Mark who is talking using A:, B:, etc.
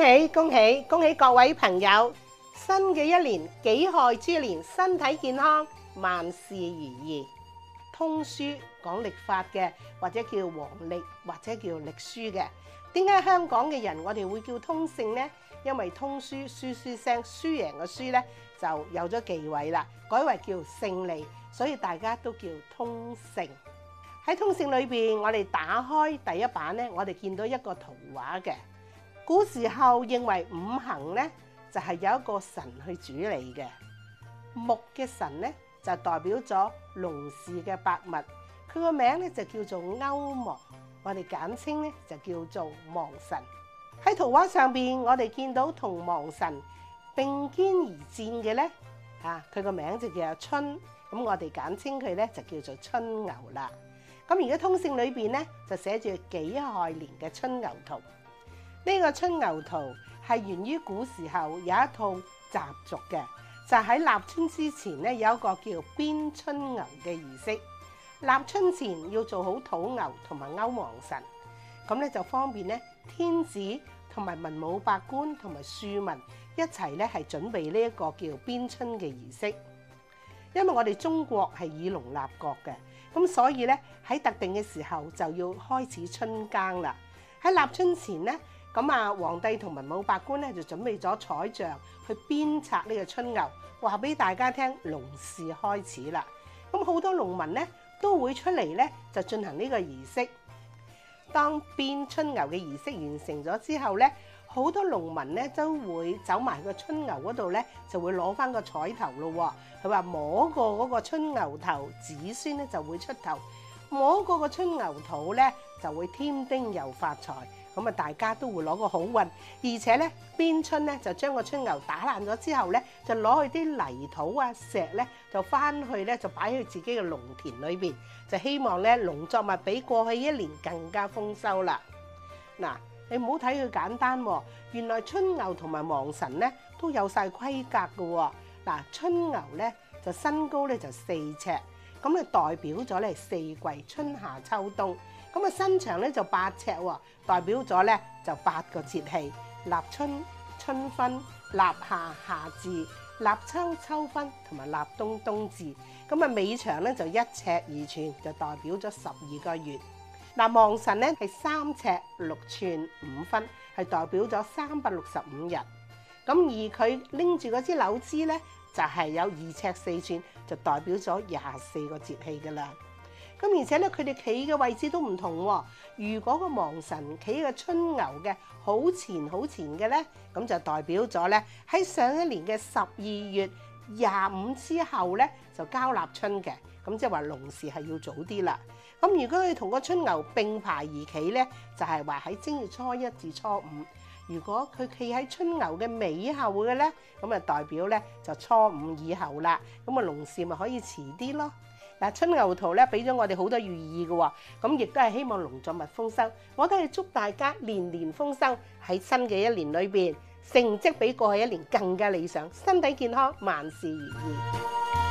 A: 恭喜恭喜恭喜各位朋友！新嘅一年，己亥之年，身體健康，萬事如意。通書講曆法嘅，或者叫黃曆，或者叫曆書嘅。點解香港嘅人我哋會叫通勝呢？因為通書書書聲，輸贏嘅書呢，就有咗忌諱啦，改為叫勝利，所以大家都叫通勝。喺通勝裏邊，我哋打開第一版呢，我哋見到一個圖畫嘅。古時候認為五行咧就係、是、有一個神去主理嘅木嘅神咧就代表咗農事嘅百物，佢個名咧就叫做句芒，我哋簡稱咧就叫做芒神。喺圖畫上邊，我哋見到同芒神並肩而戰嘅咧，啊，佢個名就叫做春，咁我哋簡稱佢咧就叫做春牛啦。咁而家通勝裏邊咧就寫住己亥年嘅春牛圖。呢個春牛圖係源於古時候有一套習俗嘅，就喺立春之前咧有一個叫鞭春牛嘅儀式。立春前要做好土牛同埋勾王神，咁咧就方便咧天子同埋文武百官同埋庶民一齊咧係準備呢一個叫鞭春嘅儀式。因為我哋中國係以農立國嘅，咁所以咧喺特定嘅時候就要開始春耕啦，喺立春前咧。咁啊，皇帝同文武百官咧就準備咗彩像去鞭策呢個春牛，話俾大家聽農事開始啦。咁好多農民咧都會出嚟咧就進行呢個儀式。當鞭春牛嘅儀式完成咗之後咧，好多農民咧都會走埋個春牛嗰度咧，就會攞翻個彩頭咯。佢話摸過嗰個春牛頭，子孫咧就會出頭；摸過個春牛肚咧，就會添丁又發財。咁啊，大家都會攞個好運，而且咧，鞭春咧就將個春牛打爛咗之後咧，就攞去啲泥土啊、石咧，就返去咧就擺喺自己嘅農田裏邊，就希望咧農作物比過去一年更加豐收啦。嗱，你唔好睇佢簡單喎，啊，原來春牛同埋芒神咧都有晒規格㗎喎，啊。嗱，春牛咧就身高咧就四尺，咁啊代表咗咧四季春夏秋冬。咁啊，身長咧就八尺，代表咗咧就八個節氣：立春、春分、立夏、夏至、立秋、秋分同埋立冬冬至。咁啊，尾長咧就一尺二寸，就代表咗十二個月。嗱，望神咧係三尺六寸五分，係代表咗三百六十五日。咁而佢拎住嗰支柳枝咧，就係有二尺四寸，就代表咗廿四個節氣噶啦。咁而且咧，佢哋企嘅位置都唔同。如果個芒神企個春牛嘅好前好前嘅咧，咁就代表咗咧喺上一年嘅十二月廿五之後咧就交納春嘅，咁即係話農事係要早啲啦。咁如果佢同個春牛並排而企咧，就係話喺正月初一至初五。如果佢企喺春牛嘅尾後嘅咧，咁啊代表咧就初五以後啦。咁啊農事咪可以遲啲咯。嗱，春牛圖咧，俾咗我哋好多寓意嘅喎，咁亦都係希望農作物豐收，我都係祝大家年年豐收，喺新嘅一年裏邊，成績比過去一年更加理想，身體健康，萬事如意。